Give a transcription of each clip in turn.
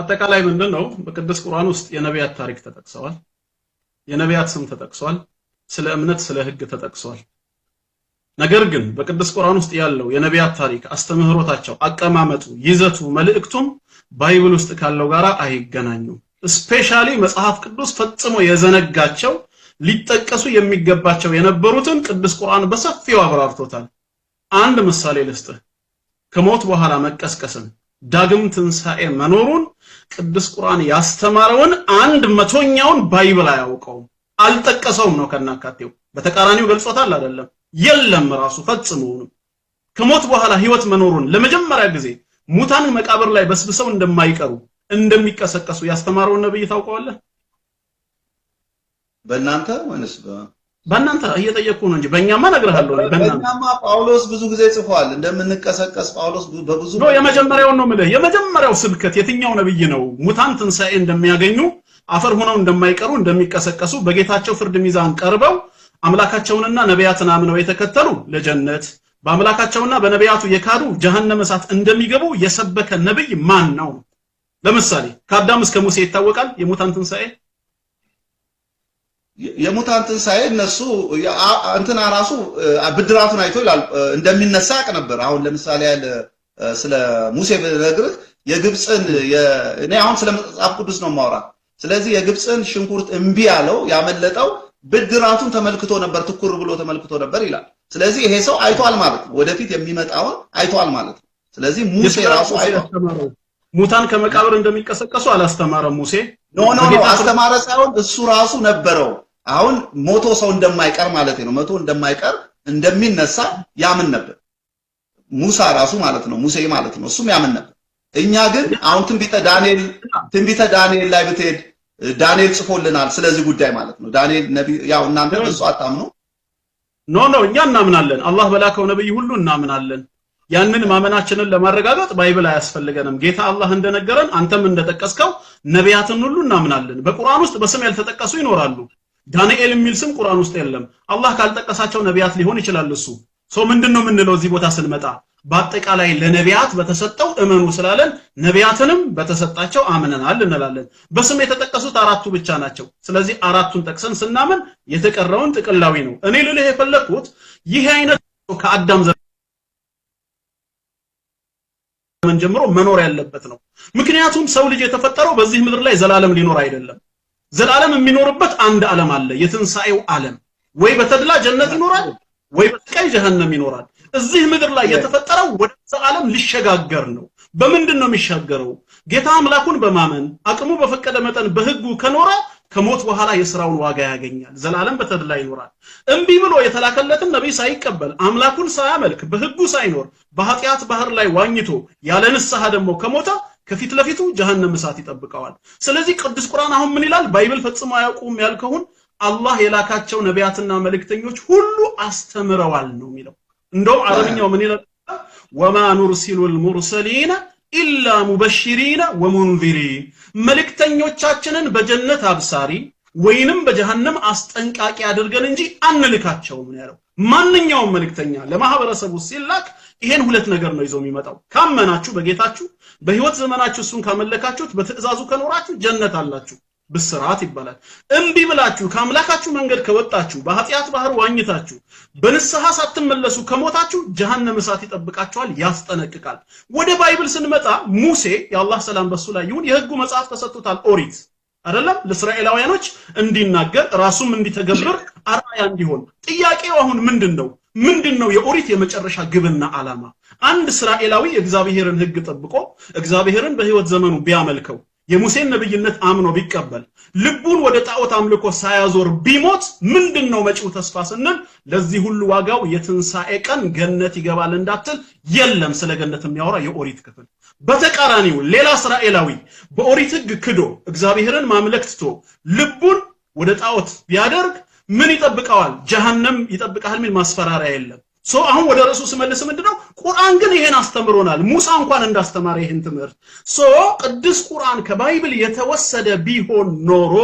አጠቃላይ ምንድን ነው? በቅዱስ ቁርአን ውስጥ የነቢያት ታሪክ ተጠቅሰዋል። የነቢያት ስም ተጠቅሷል። ስለ እምነት፣ ስለ ህግ ተጠቅሷል። ነገር ግን በቅዱስ ቁርአን ውስጥ ያለው የነቢያት ታሪክ አስተምህሮታቸው፣ አቀማመጡ፣ ይዘቱ፣ መልእክቱም ባይብል ውስጥ ካለው ጋር አይገናኙም። ስፔሻሊ መጽሐፍ ቅዱስ ፈጽሞ የዘነጋቸው ሊጠቀሱ የሚገባቸው የነበሩትን ቅዱስ ቁርአን በሰፊው አብራርቶታል። አንድ ምሳሌ ልስጥህ። ከሞት በኋላ መቀስቀስን፣ ዳግም ትንሣኤ መኖሩን ቅዱስ ቁርአን ያስተማረውን አንድ መቶኛውን ባይብል አያውቀውም። አልጠቀሰውም ነው ከናካቴው። በተቃራኒው ገልጾታል አይደለም? የለም ራሱ ፈጽሞውንም ከሞት በኋላ ህይወት መኖሩን ለመጀመሪያ ጊዜ ሙታን መቃብር ላይ በስብሰው እንደማይቀሩ እንደሚቀሰቀሱ ያስተማረውን ነብይ ታውቀዋለህ በእናንተ ወይንስ በእናንተ እየጠየቁ ነው እንጂ በእኛማ እነግርሃለሁ። በእኛማ ጳውሎስ ብዙ ጊዜ ጽፏል እንደምንቀሰቀስ። ጳውሎስ በብዙ ነው የመጀመሪያውን ነው የምልህ። የመጀመሪያው ስብከት የትኛው ነብይ ነው? ሙታን ትንሣኤ እንደሚያገኙ አፈር ሆነው እንደማይቀሩ እንደሚቀሰቀሱ በጌታቸው ፍርድ ሚዛን ቀርበው አምላካቸውንና ነቢያትን አምነው የተከተሉ ለጀነት በአምላካቸውና በነቢያቱ የካዱ ጀሃነም እሳት እንደሚገቡ የሰበከ ነብይ ማን ነው? ለምሳሌ ከአዳም እስከ ሙሴ ይታወቃል የሙታን ትንሣኤ የሙታን ትንሣኤ እነሱ እንትና ራሱ ብድራቱን አይቶ ይላል እንደሚነሳ ያውቅ ነበር። አሁን ለምሳሌ ያለ ስለ ሙሴ ብነግርህ የግብፅን እኔ አሁን ስለ መጽሐፍ ቅዱስ ነው ማውራ። ስለዚህ የግብፅን ሽንኩርት እምቢ ያለው ያመለጠው ብድራቱን ተመልክቶ ነበር፣ ትኩር ብሎ ተመልክቶ ነበር ይላል። ስለዚህ ይሄ ሰው አይቷል ማለት ነው፣ ወደፊት የሚመጣውን አይቷል ማለት ነው። ስለዚህ ሙሴ ራሱ ሙታን ከመቃብር እንደሚቀሰቀሱ አላስተማረም ሙሴ። ኖ ኖ አስተማረ ሳይሆን እሱ ራሱ ነበረው አሁን ሞቶ ሰው እንደማይቀር ማለት ነው። መቶ እንደማይቀር እንደሚነሳ ያምን ነበር ሙሳ ራሱ ማለት ነው፣ ሙሴ ማለት ነው። እሱም ያምን ነበር። እኛ ግን አሁን ትንቢተ ዳንኤል ትንቢተ ዳንኤል ላይ ብትሄድ ዳንኤል ጽፎልናል ስለዚህ ጉዳይ ማለት ነው። ዳንኤል ነብይ፣ ያው እናንተ እሱ አታምኑ። ኖ ኖ፣ እኛ እናምናለን። አላህ በላከው ነብይ ሁሉ እናምናለን። ያንን ማመናችንን ለማረጋገጥ ባይብል አያስፈልገንም። ጌታ አላህ እንደነገረን አንተም እንደጠቀስከው ነቢያትን ሁሉ እናምናለን። በቁርአን ውስጥ በስም ያልተጠቀሱ ይኖራሉ። ዳንኤል የሚል ስም ቁርአን ውስጥ የለም። አላህ ካልጠቀሳቸው ነቢያት ሊሆን ይችላል። እሱ ሰው ምንድን ነው የምንለው እዚህ ቦታ ስንመጣ በአጠቃላይ ለነቢያት በተሰጠው እመኑ ስላለን ነቢያትንም በተሰጣቸው አምነናል እንላለን። በስም የተጠቀሱት አራቱ ብቻ ናቸው። ስለዚህ አራቱን ጠቅሰን ስናምን የተቀረውን ጥቅላዊ ነው። እኔ ልልህ የፈለግኩት ይህ አይነት ከአዳም ዘመን ጀምሮ መኖር ያለበት ነው። ምክንያቱም ሰው ልጅ የተፈጠረው በዚህ ምድር ላይ ዘላለም ሊኖር አይደለም። ዘላለም የሚኖርበት አንድ ዓለም አለ፣ የትንሣኤው ዓለም። ወይ በተድላ ጀነት ይኖራል፣ ወይ በስቃይ ጀሃነም ይኖራል። እዚህ ምድር ላይ የተፈጠረው ወደዛ ዓለም ሊሸጋገር ነው። በምንድን ነው የሚሻገረው? ጌታ አምላኩን በማመን አቅሙ በፈቀደ መጠን በሕጉ ከኖረ ከሞት በኋላ የሥራውን ዋጋ ያገኛል። ዘላለም በተድላ ይኖራል። እምቢ ብሎ የተላከለትን ነቢይ ሳይቀበል አምላኩን ሳያመልክ በሕጉ ሳይኖር በኃጢአት ባህር ላይ ዋኝቶ ያለ ንስሐ ደግሞ ከሞተ ከፊት ለፊቱ ጀሃነም እሳት ይጠብቀዋል። ስለዚህ ቅዱስ ቁርአን አሁን ምን ይላል? ባይብል ፈጽሞ አያውቁም ያልከውን አላህ የላካቸው ነቢያትና መልእክተኞች ሁሉ አስተምረዋል ነው የሚለው። እንደውም አረብኛው ምን ይላል? ወማ ኑርሲሉ ልሙርሰሊነ ኢላ ሙበሽሪነ ወሙንዚሪን መልእክተኞቻችንን በጀነት አብሳሪ ወይንም በጀሃነም አስጠንቃቂ አድርገን እንጂ አንልካቸውም ነው ያለው። ማንኛውም መልእክተኛ ለማህበረሰቡ ሲላክ ይሄን ሁለት ነገር ነው ይዞ የሚመጣው። ካመናችሁ በጌታችሁ በህይወት ዘመናችሁ እሱን ካመለካችሁት በትዕዛዙ ከኖራችሁ ጀነት አላችሁ፣ ብስራት ይባላል። እምቢ ብላችሁ ከአምላካችሁ መንገድ ከወጣችሁ፣ በኃጢአት ባህር ዋኝታችሁ በንስሐ ሳትመለሱ ከሞታችሁ ጀሃነም እሳት ይጠብቃችኋል፣ ያስጠነቅቃል። ወደ ባይብል ስንመጣ ሙሴ የአላህ ሰላም በሱ ላይ ይሁን የህጉ መጽሐፍ ተሰጥቶታል ኦሪት አይደለም ለእስራኤላውያኖች እንዲናገር ራሱም እንዲተገብር አርአያ እንዲሆን። ጥያቄው አሁን ምንድን ነው? ምንድን ነው የኦሪት የመጨረሻ ግብና ዓላማ? አንድ እስራኤላዊ የእግዚአብሔርን ሕግ ጠብቆ እግዚአብሔርን በሕይወት ዘመኑ ቢያመልከው የሙሴን ነብይነት አምኖ ቢቀበል ልቡን ወደ ጣዖት አምልኮ ሳያዞር ቢሞት ምንድን ነው መጪው ተስፋ ስንል ለዚህ ሁሉ ዋጋው የትንሣኤ ቀን ገነት ይገባል እንዳትል የለም። ስለ ገነት የሚያወራ የኦሪት ክፍል። በተቃራኒው ሌላ እስራኤላዊ በኦሪት ሕግ ክዶ እግዚአብሔርን ማምለክ ትቶ ልቡን ወደ ጣዖት ቢያደርግ ምን ይጠብቀዋል? ጀሃነም ይጠብቃል የሚል ማስፈራሪያ የለም። ሶ አሁን ወደ ርዕሱ ስመልስ ምንድነው ቁርአን ግን ይሄን አስተምሮናል። ሙሳ እንኳን እንዳስተማረ ይሄን ትምህርት ሶ ቅዱስ ቁርአን ከባይብል የተወሰደ ቢሆን ኖሮ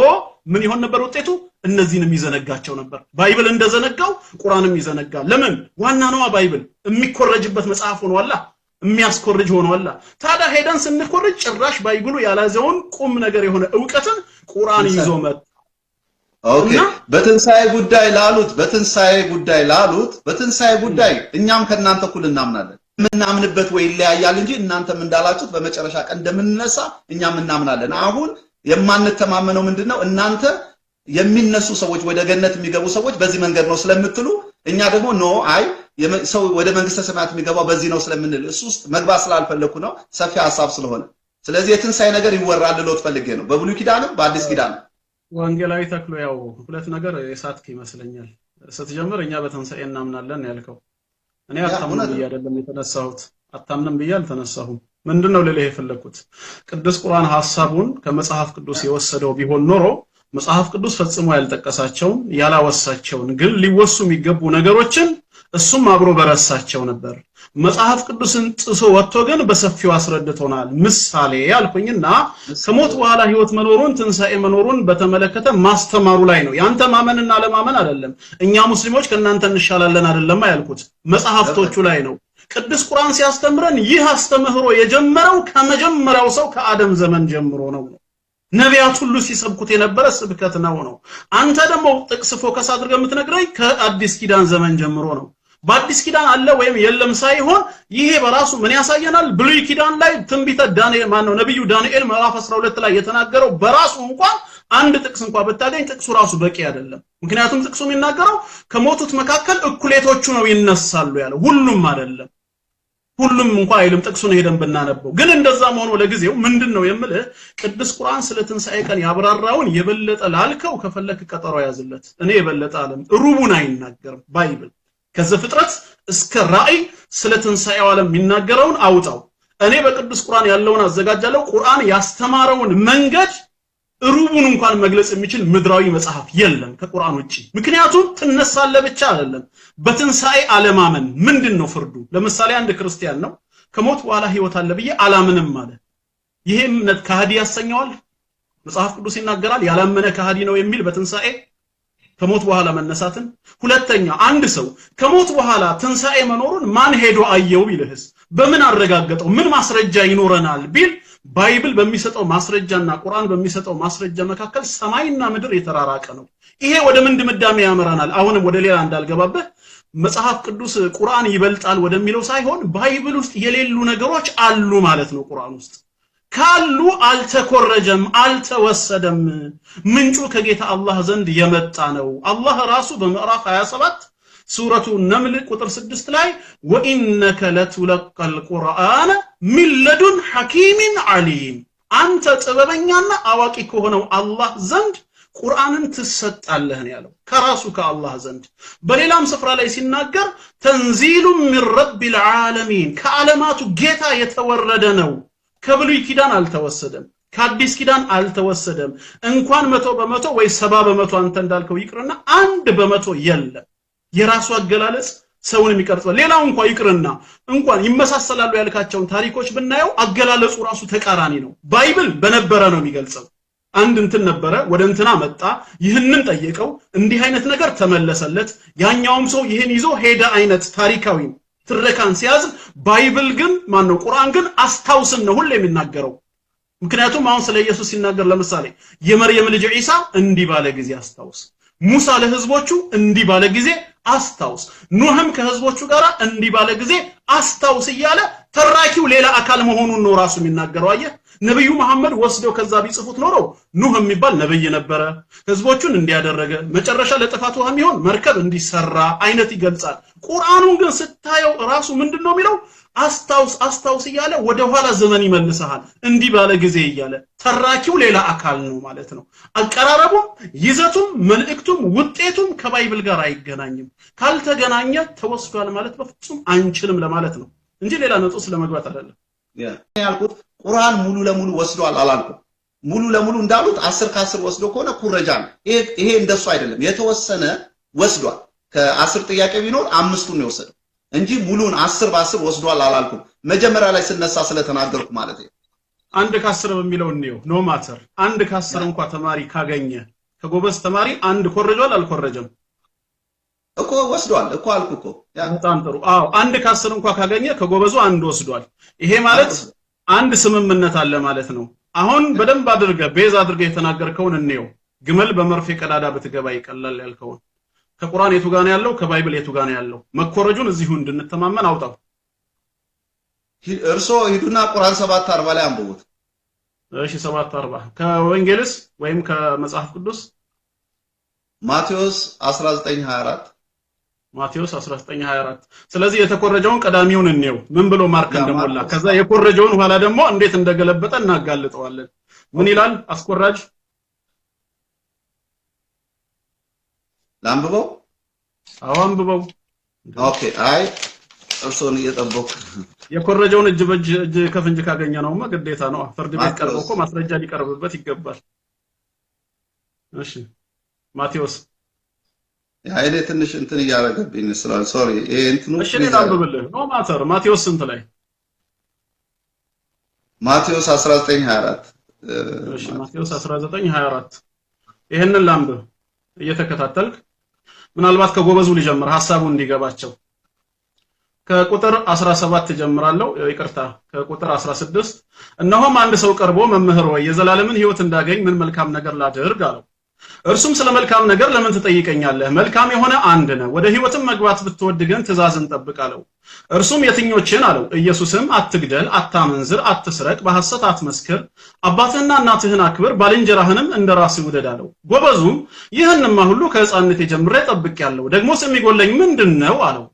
ምን ይሆን ነበር ውጤቱ? እነዚህን የሚዘነጋቸው ነበር። ባይብል እንደዘነጋው ቁርአንም ይዘነጋል። ለምን? ዋና ነዋ ባይብል የሚኮረጅበት መጽሐፍ ሆኗላ፣ የሚያስኮርጅ ሆኗላ። ታዲያ ሄደን ስንኮርጅ ጭራሽ ባይብሉ ያላዘውን ቁም ነገር የሆነ እውቀትን ቁርአን ይዞ መጥ ኦኬ በትንሳኤ ጉዳይ ላሉት በትንሳኤ ጉዳይ ላሉት በትንሳኤ ጉዳይ እኛም ከእናንተ እኩል እናምናለን። የምናምንበት ወይ ይለያያል እንጂ እናንተም እንዳላችሁት በመጨረሻ ቀን እንደምንነሳ እኛም እናምናለን። አሁን የማንተማመነው ምንድነው? እናንተ የሚነሱ ሰዎች ወደ ገነት የሚገቡ ሰዎች በዚህ መንገድ ነው ስለምትሉ እኛ ደግሞ ኖ አይ ሰው ወደ መንግስተ ሰማያት የሚገባው በዚህ ነው ስለምንል እሱ ውስጥ መግባት ስላልፈለኩ ነው ሰፊ ሀሳብ ስለሆነ። ስለዚህ የትንሳኤ ነገር ይወራል ልሎት ፈልጌ ነው በብሉይ ኪዳንም በአዲስ ኪዳንም ወንጌላዊ ተክሎ ያው ሁለት ነገር የሳትክ ይመስለኛል። ስትጀምር እኛ በትንሣኤ እናምናለን ያልከው እኔ አታምንም ብዬ አይደለም የተነሳሁት። አታምንም ብዬ አልተነሳሁም። ምንድን ነው ልልህ የፈለግኩት ቅዱስ ቁርአን ሐሳቡን ከመጽሐፍ ቅዱስ የወሰደው ቢሆን ኖሮ መጽሐፍ ቅዱስ ፈጽሞ ያልጠቀሳቸውን ያላወሳቸውን፣ ግን ሊወሱ የሚገቡ ነገሮችን እሱም አብሮ በረሳቸው ነበር። መጽሐፍ ቅዱስን ጥሶ ወጥቶ ግን በሰፊው አስረድቶናል። ምሳሌ ያልኩኝና ከሞት በኋላ ህይወት መኖሩን ትንሣኤ መኖሩን በተመለከተ ማስተማሩ ላይ ነው። ያንተ ማመንና አለማመን አይደለም። እኛ ሙስሊሞች ከእናንተ እንሻላለን አይደለም ያልኩት፣ መጽሐፍቶቹ ላይ ነው። ቅዱስ ቁርአን ሲያስተምረን ይህ አስተምህሮ የጀመረው ከመጀመሪያው ሰው ከአደም ዘመን ጀምሮ ነው። ነቢያት ሁሉ ሲሰብኩት የነበረ ስብከት ነው ነው። አንተ ደግሞ ጥቅስ ፎከስ አድርገህ የምትነግረኝ ከአዲስ ኪዳን ዘመን ጀምሮ ነው። በአዲስ ኪዳን አለ ወይም የለም ሳይሆን ይሄ በራሱ ምን ያሳየናል? ብሉይ ኪዳን ላይ ትንቢተ ዳንኤል ማነው ነብዩ ዳንኤል ምዕራፍ 12 ላይ የተናገረው በራሱ እንኳን አንድ ጥቅስ እንኳን ብታገኝ ጥቅሱ ራሱ በቂ አይደለም። ምክንያቱም ጥቅሱ የሚናገረው ከሞቱት መካከል እኩሌቶቹ ነው ይነሳሉ ያለው፣ ሁሉም አይደለም ሁሉም እንኳ አይልም። ጥቅሱን ሄደን ብናነበው ግን እንደዛ መሆኑ ለጊዜው ምንድን ነው የምልህ፣ ቅዱስ ቁርአን ስለ ትንሣኤ ቀን ያብራራውን የበለጠ ላልከው ከፈለክ ቀጠሮ ያዝለት። እኔ የበለጠ አለም ሩቡን አይናገርም ባይብል ከዘፍጥረት እስከ ራእይ ስለ ትንሣኤው ዓለም የሚናገረውን አውጣው። እኔ በቅዱስ ቁርአን ያለውን አዘጋጃለሁ። ቁርአን ያስተማረውን መንገድ ሩቡን እንኳን መግለጽ የሚችል ምድራዊ መጽሐፍ የለም ከቁርአን ውጪ። ምክንያቱም ትነሳለ ብቻ አይደለም። በትንሣኤ አለማመን ምንድን ነው ፍርዱ? ለምሳሌ አንድ ክርስቲያን ነው ከሞት በኋላ ህይወት አለ ብዬ አላምንም አለ። ይሄ እምነት ከሃዲ ያሰኘዋል? መጽሐፍ ቅዱስ ይናገራል። ያላመነ ከሃዲ ነው የሚል በትንሣኤ ከሞት በኋላ መነሳትን። ሁለተኛ አንድ ሰው ከሞት በኋላ ትንሣኤ መኖሩን ማን ሄዶ አየው ቢልህስ በምን አረጋገጠው? ምን ማስረጃ ይኖረናል ቢል ባይብል በሚሰጠው ማስረጃና ቁርአን በሚሰጠው ማስረጃ መካከል ሰማይና ምድር የተራራቀ ነው። ይሄ ወደ ምን ድምዳሜ ያመራናል? አሁንም ወደ ሌላ እንዳልገባበት መጽሐፍ ቅዱስ ቁርአን ይበልጣል ወደሚለው ሳይሆን ባይብል ውስጥ የሌሉ ነገሮች አሉ ማለት ነው ቁርአን ውስጥ ካሉ አልተኮረጀም፣ አልተወሰደም። ምንጩ ከጌታ አላህ ዘንድ የመጣ ነው። አላህ ራሱ በምዕራፍ 27 ሱረቱ ነምል ቁጥር 6 ላይ ወኢነከ ለቱለቀል ቁርአነ ሚን ለዱን ዓሊም፣ አንተ ጥበበኛና አዋቂ ከሆነው አላህ ዘንድ ቁርአንን ትሰጣለህ ነው ያለው፣ ከራሱ ከአላህ ዘንድ። በሌላም ስፍራ ላይ ሲናገር ተንዚሉ ሚን ረቢል ዓለሚን፣ ከዓለማቱ ጌታ የተወረደ ነው ከብሉይ ኪዳን አልተወሰደም፣ ከአዲስ ኪዳን አልተወሰደም። እንኳን መቶ በመቶ ወይ ሰባ በመቶ አንተ እንዳልከው ይቅርና አንድ በመቶ የለም። የራሱ አገላለጽ ሰውን የሚቀርጸው ሌላው እንኳን ይቅርና እንኳን ይመሳሰላሉ ያልካቸውን ታሪኮች ብናየው አገላለጹ ራሱ ተቃራኒ ነው። ባይብል በነበረ ነው የሚገልጸው። አንድ እንትን ነበረ፣ ወደ እንትና መጣ፣ ይህንን ጠየቀው፣ እንዲህ አይነት ነገር ተመለሰለት፣ ያኛውም ሰው ይህን ይዞ ሄደ አይነት ታሪካዊ ትረካን ሲያዝ ባይብል ግን ማን ነው ቁርአን ግን አስታውስን ነው ሁሌ የሚናገረው ምክንያቱም አሁን ስለ ኢየሱስ ሲናገር ለምሳሌ የመርየም ልጅ ዒሳ እንዲህ ባለ ጊዜ አስታውስ ሙሳ ለህዝቦቹ እንዲህ ባለ ጊዜ አስታውስ። ኑህም ከህዝቦቹ ጋር እንዲህ ባለ ጊዜ አስታውስ እያለ ተራኪው ሌላ አካል መሆኑን ነው ራሱ የሚናገረው። አየህ፣ ነብዩ መሐመድ ወስደው ከዛ ቢጽፉት ኖረው ኑህ የሚባል ነብይ ነበረ፣ ህዝቦቹን እንዲያደረገ መጨረሻ ለጥፋት ውሃ የሚሆን መርከብ እንዲሰራ አይነት ይገልጻል። ቁርአኑን ግን ስታየው ራሱ ምንድን ነው የሚለው አስታውስ አስታውስ እያለ ወደኋላ ዘመን ይመልሰሃል። እንዲህ ባለ ጊዜ እያለ ተራኪው ሌላ አካል ነው ማለት ነው። አቀራረቡም፣ ይዘቱም፣ መልእክቱም ውጤቱም ከባይብል ጋር አይገናኝም። ካልተገናኘ ተወስዷል ማለት በፍጹም አንችልም ለማለት ነው እንጂ ሌላ ነጥብ ስለመግባት አይደለም ያልኩት። ቁርአን ሙሉ ለሙሉ ወስዷል አላልኩም። ሙሉ ለሙሉ እንዳሉት አስር ከአስር ወስዶ ከሆነ ኩረጃ ነው። ይሄ እንደሱ አይደለም። የተወሰነ ወስዷል። ከአስር ጥያቄ ቢኖር አምስቱን ነው የወሰደው። እንጂ ሙሉን አስር በአስር ወስዷል አላልኩም። መጀመሪያ ላይ ስነሳ ስለተናገርኩ ማለት ነው። አንድ ከአስር በሚለው እንየው። ኖ ማተር አንድ ከአስር እንኳ ተማሪ ካገኘ ከጎበዝ ተማሪ አንድ ኮረጇል አልኮረጀም እኮ ወስዷል እኮ አልኩ እኮ። በጣም ጥሩ። አዎ አንድ ከአስር እንኳ ካገኘ ከጎበዙ አንድ ወስዷል። ይሄ ማለት አንድ ስምምነት አለ ማለት ነው። አሁን በደንብ አድርገ ቤዝ አድርገ የተናገርከውን እንየው። ግመል በመርፌ ቀዳዳ ብትገባ ይቀላል ያልከውን ከቁርአን የቱ ጋር ነው ያለው? ከባይብል የቱ ጋር ነው ያለው? መኮረጁን እዚሁ እንድንተማመን አውጣው። እርሶ ሂዱና ቁርአን 740 ላይ አንብቡት። እሺ 740 ከወንጌልስ ወይም ከመጽሐፍ ቅዱስ ማቴዎስ 1924 ማቴዎስ 1924 ስለዚህ የተኮረጀውን ቀዳሚውን እንየው ምን ብሎ ማርክ እንደሞላ ከዛ የኮረጀውን ኋላ ደግሞ እንዴት እንደገለበጠ እናጋልጠዋለን ምን ይላል አስኮራጅ ላንብበው? አዎ አንብበው። ኦኬ። አይ እርሶን እየጠበቁ የኮረጀውን እጅ በእጅ እጅ ከፍንጅ ካገኘ ነውማ ግዴታ ነው። ፍርድ ቤት ቀርቦ እኮ ማስረጃ ሊቀርብበት ይገባል። እሺ ማቴዎስ ኃይሌ ትንሽ እንትን እያደረገብኝ ስላል ሶሪ። ይሄ እንትኑ እሺ ላንብብልህ። ኖ ማተር ማቴዎስ ስንት ላይ? ማቴዎስ 1924 እሺ ማቴዎስ 1924 ይሄንን ላንብብ እየተከታተልክ ምናልባት ከጎበዙ ሊጀምር ሀሳቡ እንዲገባቸው ከቁጥር 17 ጀምራለሁ። ይቅርታ ከቁጥር 16 እነሆም አንድ ሰው ቀርቦ መምህር ወይ የዘላለምን ህይወት እንዳገኝ ምን መልካም ነገር ላድርግ አለው። እርሱም ስለ መልካም ነገር ለምን ትጠይቀኛለህ? መልካም የሆነ አንድ ነው። ወደ ህይወትም መግባት ብትወድ ግን ትእዛዝን ጠብቅ አለው። እርሱም የትኞችን አለው? ኢየሱስም አትግደል፣ አታመንዝር፣ አትስረቅ፣ በሐሰት አትመስክር፣ አባትህና እናትህን አክብር፣ ባልንጀራህንም እንደ ራስህ ውደድ አለው። ጎበዙም ይህንማ ሁሉ ከሕፃንነቴ ጀምሬ ጠብቄአለሁ፣ ደግሞስ የሚጎለኝ ምንድን ነው አለው።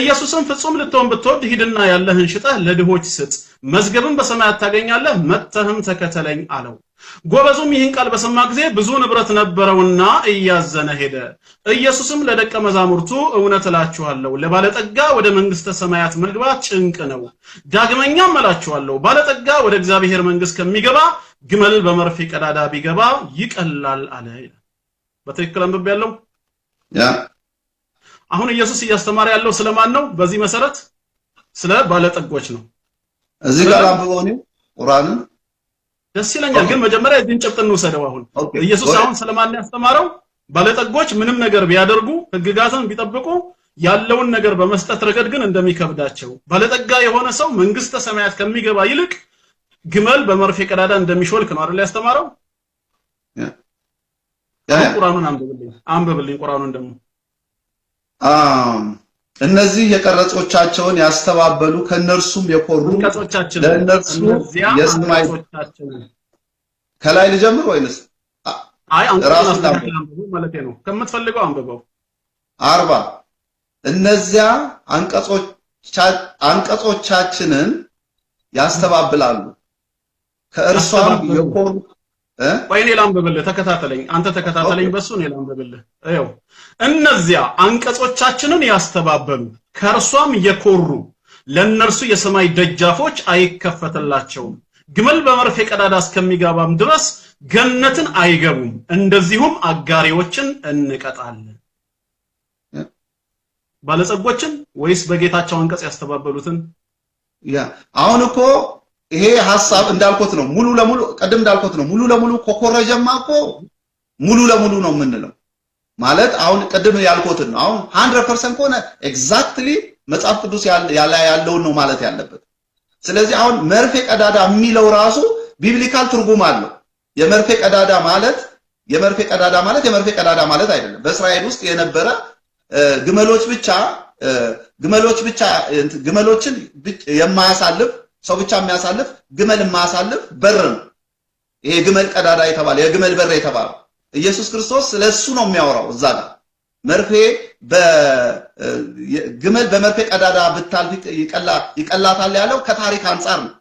ኢየሱስም ፍጹም ልትሆን ብትወድ ሂድና ያለህን ሽጠህ ለድሆች ስጥ፣ መዝገብን በሰማያት ታገኛለህ፣ መጥተህም ተከተለኝ አለው። ጎበዙም ይህን ቃል በሰማ ጊዜ ብዙ ንብረት ነበረውና እያዘነ ሄደ። ኢየሱስም ለደቀ መዛሙርቱ እውነት እላችኋለሁ ለባለጠጋ ወደ መንግሥተ ሰማያት መግባት ጭንቅ ነው። ዳግመኛም እላችኋለሁ ባለጠጋ ወደ እግዚአብሔር መንግሥት ከሚገባ ግመል በመርፌ ቀዳዳ ቢገባ ይቀላል አለ በትክክል አንብብ ያለው አሁን ኢየሱስ እያስተማረ ያለው ስለማን ነው? በዚህ መሰረት ስለ ባለጠጎች ነው። እዚህ ጋር አንብበው ቁርአንን ደስ ይለኛል። ግን መጀመሪያ እዚህን ጭብጥ እንውሰደው። አሁን ኢየሱስ አሁን ስለማን ያስተማረው? ባለጠጎች ምንም ነገር ቢያደርጉ ሕግጋትን ቢጠብቁ ያለውን ነገር በመስጠት ረገድ ግን እንደሚከብዳቸው፣ ባለጠጋ የሆነ ሰው መንግስተ ሰማያት ከሚገባ ይልቅ ግመል በመርፌ ቀዳዳ እንደሚሾልክ ነው አይደል ያስተማረው? ቁርአኑን አንብብልኝ አንብብልኝ ቁርአኑን ደግሞ እነዚህ የቀረጾቻቸውን ያስተባበሉ ከነርሱም የኮሩ ለእነርሱ ከላይ ልጀምር ወይንስ አይ ማለት ነው አርባ እነዚያ አንቀጾቻችንን ያስተባብላሉ ከእርሷም የኮሩ ቆይ እኔ ላንብብልህ፣ ተከታተለኝ። አንተ ተከታተለኝ፣ በሱ እኔ ላንብብልህ። ይኸው እነዚያ አንቀጾቻችንን ያስተባበሉ ከእርሷም የኮሩ ለእነርሱ የሰማይ ደጃፎች አይከፈትላቸውም፣ ግመል በመርፌ ቀዳዳ እስከሚገባም ድረስ ገነትን አይገቡም። እንደዚሁም አጋሪዎችን እንቀጣለን። ባለጸጎችን ወይስ በጌታቸው አንቀጽ ያስተባበሉትን? ያ አሁን እኮ ይሄ ሐሳብ እንዳልኩት ነው። ሙሉ ለሙሉ ቀደም እንዳልኩት ነው። ሙሉ ለሙሉ ከኮረጀማ እኮ ሙሉ ለሙሉ ነው የምንለው ማለት አሁን ቅድም ያልኩትን ነው። አሁን 100% ከሆነ ኤግዛክትሊ መጽሐፍ ቅዱስ ያለ ያለውን ነው ማለት ያለበት። ስለዚህ አሁን መርፌ ቀዳዳ የሚለው ራሱ ቢብሊካል ትርጉም አለው። የመርፌ ቀዳዳ ማለት የመርፌ ቀዳዳ ማለት የመርፌ ቀዳዳ ማለት አይደለም። በእስራኤል ውስጥ የነበረ ግመሎች ብቻ ግመሎች ብቻ ግመሎችን የማያሳልፍ ሰው ብቻ የሚያሳልፍ ግመል የማያሳልፍ በር ነው። ይሄ ግመል ቀዳዳ የተባለ የግመል በር የተባለው ኢየሱስ ክርስቶስ ስለ እሱ ነው የሚያወራው እዛ ጋር መርፌ ግመል በመርፌ ቀዳዳ ብታልፍ ይቀላታል ያለው ከታሪክ አንጻር ነው።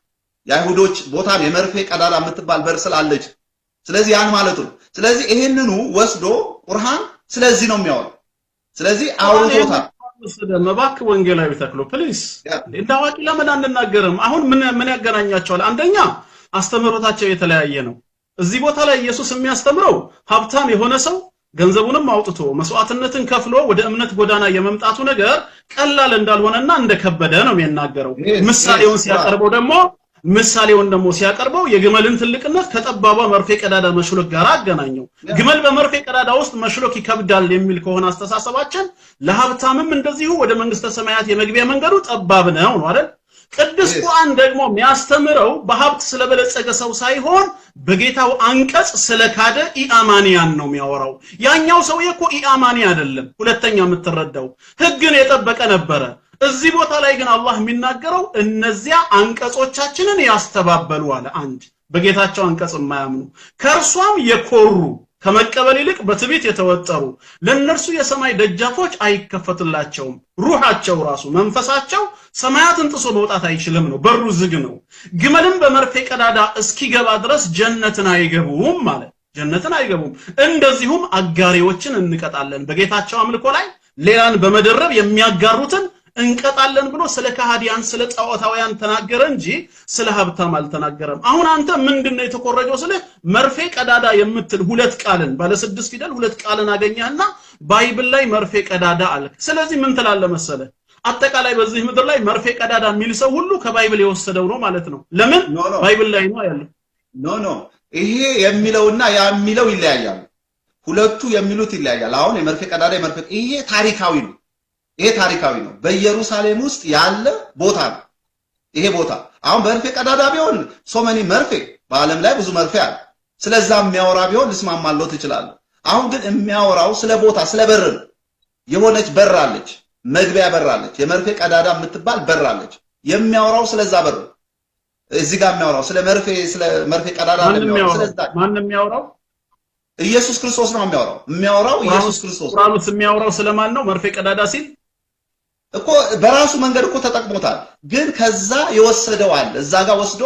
የአይሁዶች ቦታም የመርፌ ቀዳዳ የምትባል በር ስላለች፣ ስለዚህ ያን ማለት ነው። ስለዚህ ይህንኑ ወስዶ ቁርሃን ስለዚህ ነው የሚያወራው። ስለዚህ አውርቶታል። መባክ ወንጌላዊ ተክሎ ፕሊስ እንደ አዋቂ ለምን አንናገርም? አሁን ምን ምን ያገናኛቸዋል? አንደኛ አስተምህሮታቸው የተለያየ ነው። እዚህ ቦታ ላይ ኢየሱስ የሚያስተምረው ሀብታም የሆነ ሰው ገንዘቡንም አውጥቶ መስዋዕትነትን ከፍሎ ወደ እምነት ጎዳና የመምጣቱ ነገር ቀላል እንዳልሆነና እንደከበደ ነው የሚናገረው። ምሳሌውን ሲያቀርበው ደግሞ ምሳሌውን ደግሞ ሲያቀርበው የግመልን ትልቅነት ከጠባቧ መርፌ ቀዳዳ መሽሎክ ጋር አገናኘው። ግመል በመርፌ ቀዳዳ ውስጥ መሽሎክ ይከብዳል የሚል ከሆነ አስተሳሰባችን፣ ለሀብታምም እንደዚሁ ወደ መንግስተ ሰማያት የመግቢያ መንገዱ ጠባብ ነው ነው አይደል? ቅዱስ ቁርአን ደግሞ የሚያስተምረው በሀብት ስለበለጸገ ሰው ሳይሆን በጌታው አንቀጽ ስለካደ ኢአማንያን ነው የሚያወራው። ያኛው ሰውዬ እኮ ኢአማኒ አይደለም። ሁለተኛ የምትረዳው ህግን የጠበቀ ነበረ እዚህ ቦታ ላይ ግን አላህ የሚናገረው እነዚያ አንቀጾቻችንን ያስተባበሉ አለ። አንድ በጌታቸው አንቀጽ የማያምኑ ከእርሷም የኮሩ ከመቀበል ይልቅ በትቢት የተወጠሩ ለእነርሱ የሰማይ ደጃፎች አይከፈትላቸውም። ሩሃቸው ራሱ መንፈሳቸው ሰማያትን ጥሶ መውጣት አይችልም ነው። በሩ ዝግ ነው። ግመልም በመርፌ ቀዳዳ እስኪገባ ድረስ ጀነትን አይገቡም ማለት ጀነትን አይገቡም። እንደዚሁም አጋሪዎችን እንቀጣለን። በጌታቸው አምልኮ ላይ ሌላን በመደረብ የሚያጋሩትን እንቀጣለን ብሎ ስለ ከሃዲያን ስለ ጣዖታውያን ተናገረ እንጂ ስለ ሀብታም አልተናገረም። አሁን አንተ ምንድነው የተኮረጀው? ስለ መርፌ ቀዳዳ የምትል ሁለት ቃልን ባለ ስድስት ፊደል ሁለት ቃልን አገኘህና ባይብል ላይ መርፌ ቀዳዳ አለ። ስለዚህ ምን ትላለህ መሰለህ? አጠቃላይ በዚህ ምድር ላይ መርፌ ቀዳዳ የሚል ሰው ሁሉ ከባይብል የወሰደው ነው ማለት ነው። ለምን ባይብል ላይ ነው ያለው። ኖ ኖ ይሄ የሚለውና ያ የሚለው ይለያያሉ። ሁለቱ የሚሉት ይለያያል። አሁን የመርፌ ቀዳዳ የመርፌ ይሄ ታሪካዊ ነው። ይሄ ታሪካዊ ነው። በኢየሩሳሌም ውስጥ ያለ ቦታ ነው። ይሄ ቦታ አሁን በመርፌ ቀዳዳ ቢሆን ሶመኒ መርፌ በዓለም ላይ ብዙ መርፌ አለ። ስለዛ የሚያወራ ቢሆን ልስማማለው ትችላለህ። አሁን ግን የሚያወራው ስለ ቦታ ስለ በር ነው። የሆነች በር አለች፣ መግቢያ በር አለች፣ የመርፌ ቀዳዳ የምትባል በር አለች። የሚያወራው ስለዛ በር እዚህ ጋር የሚያወራው ስለ መርፌ ስለ መርፌ ቀዳዳ ማን የሚያወራው? ኢየሱስ ክርስቶስ ነው የሚያወራው። የሚያወራው ኢየሱስ ክርስቶስ። ቁርአኑስ የሚያወራው ስለማን ነው? መርፌ ቀዳዳ ሲል እኮ በራሱ መንገድ እኮ ተጠቅሞታል። ግን ከዛ የወሰደው አለ። እዛ ጋር ወስዶ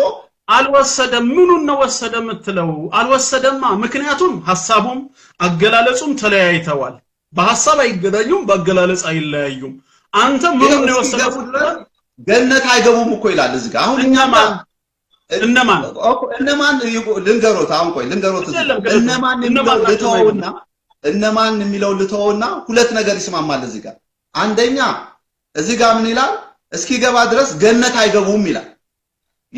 አልወሰደም። ምኑን ነው ወሰደ የምትለው? አልወሰደማ። ምክንያቱም ሐሳቡም አገላለጹም ተለያይተዋል። በሐሳብ አይገናኙም፣ በአገላለጽ አይለያዩም። አንተ ምኑን ነው የወሰደው? ገነት አይገቡም እኮ ይላል እዚህ ጋር። አሁን እኛማ እነማን እነማን ልንገሮት፣ አሁን ቆይ ልንገሮት፣ እነማን ልተወውና እነማን የሚለው ልተወውና ሁለት ነገር ይስማማል እዚህ ጋር አንደኛ እዚህ ጋር ምን ይላል? እስኪገባ ድረስ ገነት አይገቡም ይላል።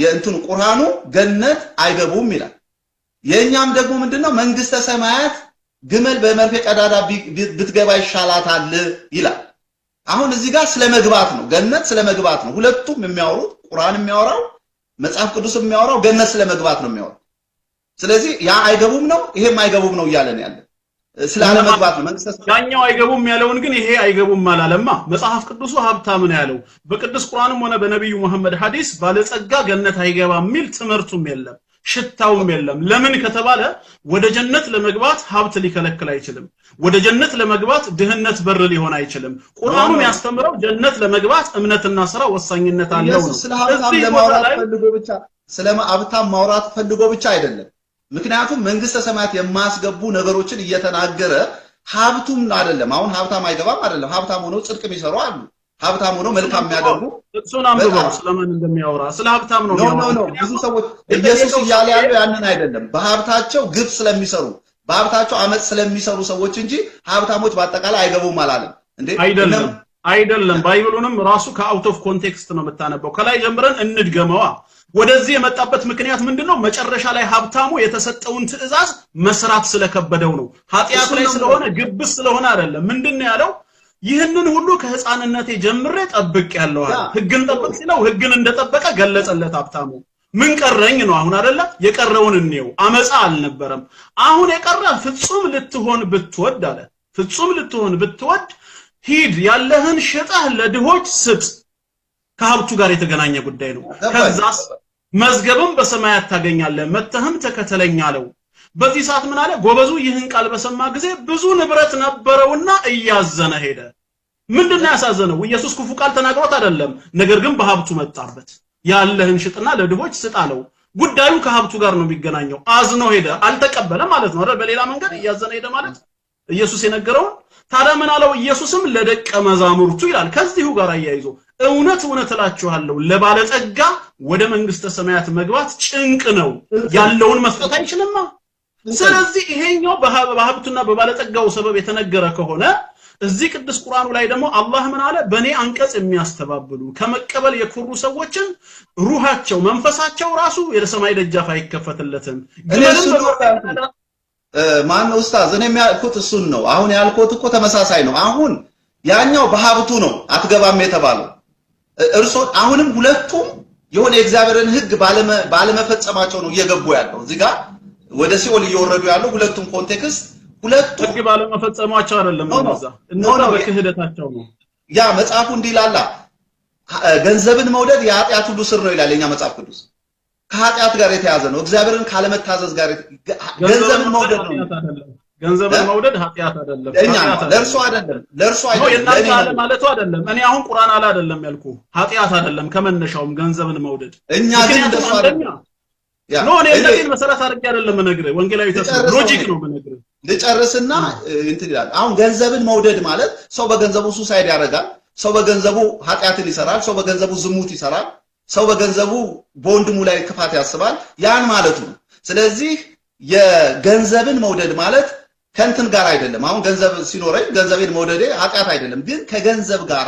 የእንትኑ ቁርሃኑ ገነት አይገቡም ይላል። የእኛም ደግሞ ምንድነው መንግስተ ሰማያት ግመል በመርፌ ቀዳዳ ብትገባ ይሻላታል ይላል። አሁን እዚህ ጋር ስለመግባት ነው፣ ገነት ስለመግባት ነው። ሁለቱም የሚያወሩት ቁርአን የሚያወራው መጽሐፍ ቅዱስ የሚያወራው ገነት ስለመግባት ነው የሚያወራው። ስለዚህ ያ አይገቡም ነው፣ ይሄም አይገቡም ነው እያለን ያለን ስለ አለመግባት ነው። መንግስት ያኛው አይገቡም ያለውን ግን ይሄ አይገቡም አላለማ። መጽሐፍ ቅዱሱ ሀብታም ነው ያለው። በቅዱስ ቁርአንም ሆነ በነቢዩ መሐመድ ሐዲስ ባለጸጋ ገነት አይገባም የሚል ትምህርቱም የለም ሽታውም የለም። ለምን ከተባለ ወደ ጀነት ለመግባት ሀብት ሊከለክል አይችልም። ወደ ጀነት ለመግባት ድህነት በር ሊሆን አይችልም። ቁርአኑ ያስተምረው ጀነት ለመግባት እምነትና ስራ ወሳኝነት አለው ነው። ስለ ሀብታም ማውራት ፈልጎ ብቻ አይደለም ምክንያቱም መንግስተ ሰማያት የማስገቡ ነገሮችን እየተናገረ ሀብቱም አይደለም። አሁን ሀብታም አይገባም አይደለም። ሀብታም ሆነው ጽድቅ የሚሰሩ አሉ። ሀብታም ሆነው መልካም የሚያደርጉ እሱን አንብበው ስለማን እንደሚያወራ ስለ ሀብታም ነው ነው። ነው ብዙ ሰዎች ኢየሱስ እያለ ያለው ያንን አይደለም። በሀብታቸው ግብ ስለሚሰሩ በሀብታቸው አመጽ ስለሚሰሩ ሰዎች እንጂ ሀብታሞች በአጠቃላይ አይገቡም አላለም እንዴ? አይደለም አይደለም። ባይብሉንም ራሱ ከአውት ኦፍ ኮንቴክስት ነው የምታነበው። ከላይ ጀምረን እንድገመዋ ወደዚህ የመጣበት ምክንያት ምንድን ነው? መጨረሻ ላይ ሀብታሙ የተሰጠውን ትዕዛዝ መስራት ስለከበደው ነው። ኃጢአት ላይ ስለሆነ ግብስ ስለሆነ አይደለም። ምንድን ነው ያለው? ይህንን ሁሉ ከህፃንነቴ ጀምሬ ጠብቅ ያለዋል። ህግን ጠብቅ ሲለው ህግን እንደጠበቀ ገለጸለት ሀብታሙ። ምን ቀረኝ ነው አሁን አይደለ? የቀረውን እንየው። አመፃ አልነበረም። አሁን የቀረ ፍጹም ልትሆን ብትወድ አለ። ፍጹም ልትሆን ብትወድ ሂድ፣ ያለህን ሽጠህ ለድሆች ስጥ። ከሀብቱ ጋር የተገናኘ ጉዳይ ነው። ከዛስ መዝገብም በሰማያት ታገኛለህ፣ መተህም ተከተለኝ አለው። በዚህ ሰዓት ምን አለ? ጎበዙ ይህን ቃል በሰማ ጊዜ ብዙ ንብረት ነበረውና እያዘነ ሄደ። ምንድነው ያሳዘነው? ኢየሱስ ክፉ ቃል ተናግሮት አይደለም። ነገር ግን በሀብቱ መጣበት። ያለህን ሽጥና ለድሆች ስጥ አለው። ጉዳዩ ከሀብቱ ጋር ነው የሚገናኘው። አዝኖ ሄደ፣ አልተቀበለ ማለት ነው አይደል? በሌላ መንገድ እያዘነ ሄደ ማለት ኢየሱስ የነገረውን ታዲያ ምን አለው ኢየሱስም ለደቀ መዛሙርቱ ይላል ከዚሁ ጋር አያይዞ እውነት እውነት እላችኋለሁ ለባለጠጋ ወደ መንግስተ ሰማያት መግባት ጭንቅ ነው ያለውን መስጠት አይችልማ ስለዚህ ይሄኛው በሀብቱና በባለጠጋው ሰበብ የተነገረ ከሆነ እዚህ ቅዱስ ቁርአኑ ላይ ደግሞ አላህ ምን አለ በእኔ አንቀጽ የሚያስተባብሉ ከመቀበል የኩሩ ሰዎችን ሩሃቸው መንፈሳቸው ራሱ የሰማይ ደጃፍ አይከፈትለትም ማን ነው ኡስታዝ? እኔ የሚያልኩት እሱን ነው። አሁን ያልኩት እኮ ተመሳሳይ ነው። አሁን ያኛው በሀብቱ ነው አትገባም የተባለው እርሶ። አሁንም ሁለቱም የሆነ የእግዚአብሔርን ሕግ ባለመፈጸማቸው ነው እየገቡ ያለው እዚህ ጋር ወደ ሲኦል እየወረዱ ያለው ሁለቱም ኮንቴክስት፣ ሁለቱም ሕግ ባለመፈጸማቸው አይደለም ነው እነዛ በክህደታቸው ነው። ያ መጽሐፉ እንዲህ ይላል፣ ገንዘብን መውደድ የኃጢአት ሁሉ ስር ነው ይላል የኛ መጽሐፍ ቅዱስ ከኃጢአት ጋር የተያዘ ነው። እግዚአብሔርን ካለመታዘዝ ጋር ገንዘብን መውደድ ነው። ገንዘብን መውደድ ኃጢአት አይደለም። እኛ ለእርሱ አይደለም ለእርሱ አይደለም አለ ማለቱ አይደለም። እኔ አሁን ቁርአን አለ አይደለም ያልኩ ኃጢአት አይደለም ከመነሻውም ገንዘብን መውደድ እኛ ግን እንደሱ አይደለም። ኖ እኔ እንደዚህ መሰረት አድርጌ አይደለም እነግርህ፣ ወንጌላዊ ተስፋ ሎጂክ ነው የምነግርህ። ልጨርስና እንትን ይላል። አሁን ገንዘብን መውደድ ማለት ሰው በገንዘቡ ሱሳይድ ያደርጋል፣ ሰው በገንዘቡ ኃጢአትን ይሰራል፣ ሰው በገንዘቡ ዝሙት ይሰራል ሰው በገንዘቡ በወንድሙ ላይ ክፋት ያስባል። ያን ማለት ነው። ስለዚህ የገንዘብን መውደድ ማለት ከእንትን ጋር አይደለም። አሁን ገንዘብ ሲኖረኝ ገንዘቤን መውደዴ ኃጢአት አይደለም፣ ግን ከገንዘብ ጋር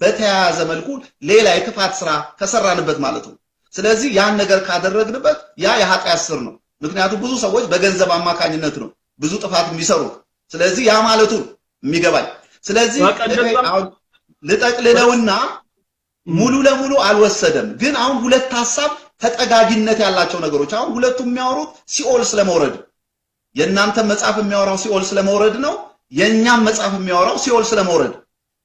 በተያያዘ መልኩ ሌላ የክፋት ስራ ከሰራንበት ማለት ነው። ስለዚህ ያን ነገር ካደረግንበት ያ የኃጢአት ስር ነው። ምክንያቱም ብዙ ሰዎች በገንዘብ አማካኝነት ነው ብዙ ጥፋት የሚሰሩት። ስለዚህ ያ ማለቱ የሚገባኝ። ስለዚህ ልጠቅልለውና ሙሉ ለሙሉ አልወሰደም። ግን አሁን ሁለት ሀሳብ ተጠጋጊነት ያላቸው ነገሮች አሁን ሁለቱ የሚያወሩት ሲኦል ስለመውረድ የእናንተ መጽሐፍ የሚያወራው ሲኦል ስለመውረድ ነው። የእኛም መጽሐፍ የሚያወራው ሲኦል ስለመውረድ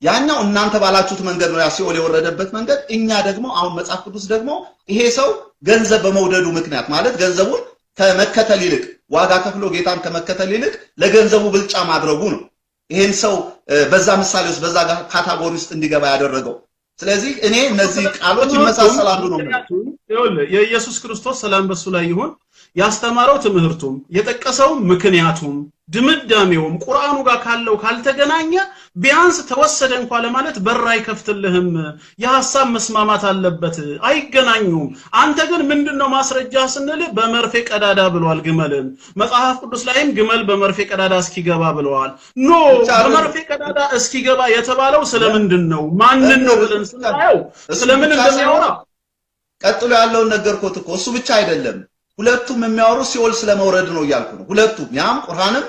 ያኛው እናንተ ባላችሁት መንገድ ነው ያ ሲኦል የወረደበት መንገድ። እኛ ደግሞ አሁን መጽሐፍ ቅዱስ ደግሞ ይሄ ሰው ገንዘብ በመውደዱ ምክንያት ማለት ገንዘቡን ከመከተል ይልቅ ዋጋ ከፍሎ ጌታን ከመከተል ይልቅ ለገንዘቡ ብልጫ ማድረጉ ነው ይሄን ሰው በዛ ምሳሌ ውስጥ በዛ ካታጎሪ ውስጥ እንዲገባ ያደረገው። ስለዚህ እኔ እነዚህ ቃሎች ይመሳሰላሉ ነው የኢየሱስ ክርስቶስ ሰላም በሱ ላይ ይሁን ያስተማረው ትምህርቱም የጠቀሰው ምክንያቱም ድምዳሜውም ቁርአኑ ጋር ካለው ካልተገናኘ ቢያንስ ተወሰደ እንኳ ለማለት በር አይከፍትልህም። የሀሳብ መስማማት አለበት፣ አይገናኙም። አንተ ግን ምንድነው ማስረጃ ስንል በመርፌ ቀዳዳ ብሏል ግመልን። መጽሐፍ ቅዱስ ላይም ግመል በመርፌ ቀዳዳ እስኪገባ ብለዋል። ኖ በመርፌ ቀዳዳ እስኪገባ የተባለው ስለምንድን ነው? ማንን ነው ብለን ስናየው ስለምን እንደሚያወራ ቀጥሎ ያለውን ነገርኮት እኮ እሱ ብቻ አይደለም ሁለቱም የሚያወሩ ሲኦል ስለመውረድ ነው እያልኩ ነው። ሁለቱም ያም ቁርአንም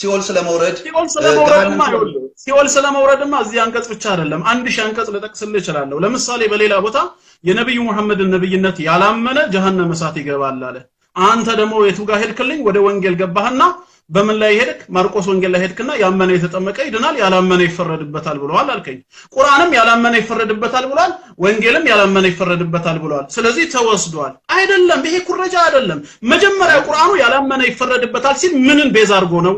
ሲኦል ስለመውረድ ሲኦል ስለመውረድማ ስለመውረድማ እዚህ አንቀጽ ብቻ አይደለም። አንድ ሺህ አንቀጽ ልጠቅስልህ እችላለሁ። ለምሳሌ በሌላ ቦታ የነብዩ መሐመድን ነብይነት ያላመነ ጀሃነም እሳት ይገባል አለ። አንተ ደግሞ የቱ ጋር ሄድክልኝ? ወደ ወንጌል ገባህና በምን ላይ ሄድክ? ማርቆስ ወንጌል ላይ ሄድክና ያመነ የተጠመቀ ይድናል፣ ያላመነ ይፈረድበታል ብለዋል አልከኝ። ቁርአንም ያላመነ ይፈረድበታል ብሏል፣ ወንጌልም ያላመነ ይፈረድበታል ብለዋል። ስለዚህ ተወስዷል። አይደለም፣ ይሄ ኩረጃ አይደለም። መጀመሪያ ቁርአኑ ያላመነ ይፈረድበታል ሲል ምንን ቤዛ አድርጎ ነው?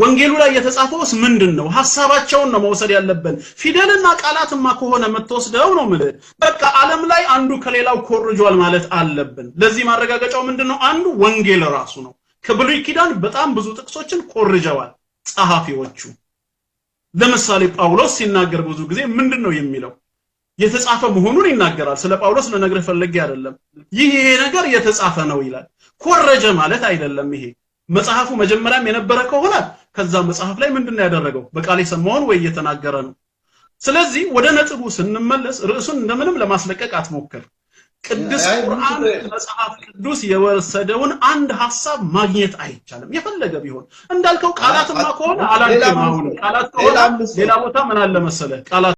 ወንጌሉ ላይ የተጻፈውስ ምንድን ነው? ሐሳባቸውን ነው መውሰድ ያለብን። ፊደልና ቃላትማ ከሆነ የምትወስደው ነው ምልህ። በቃ ዓለም ላይ አንዱ ከሌላው ኮርጇል ማለት አለብን። ለዚህ ማረጋገጫው ምንድን ነው? አንዱ ወንጌል ራሱ ነው። ከብሉይ ኪዳን በጣም ብዙ ጥቅሶችን ኮርጀዋል ጸሐፊዎቹ። ለምሳሌ ጳውሎስ ሲናገር ብዙ ጊዜ ምንድን ነው የሚለው? የተጻፈ መሆኑን ይናገራል። ስለ ጳውሎስ ልነግርህ ፈለጌ አይደለም። ይህ ነገር የተጻፈ ነው ይላል። ኮረጀ ማለት አይደለም። ይሄ መጽሐፉ መጀመሪያም የነበረ ከሆነ ከዛ መጽሐፍ ላይ ምንድን ነው ያደረገው? በቃል የሰማውን ወይ እየተናገረ ነው። ስለዚህ ወደ ነጥቡ ስንመለስ ርዕሱን እንደምንም ለማስለቀቅ አትሞክር። ቅዱስ ቁርአን መጽሐፍ ቅዱስ የወሰደውን አንድ ሐሳብ ማግኘት አይቻልም። የፈለገ ቢሆን እንዳልከው ቃላትማ ከሆነ አላልኩም። አሁን ቃላት ከሆነ ሌላ ቦታ ምን አለ መሰለህ ቃላት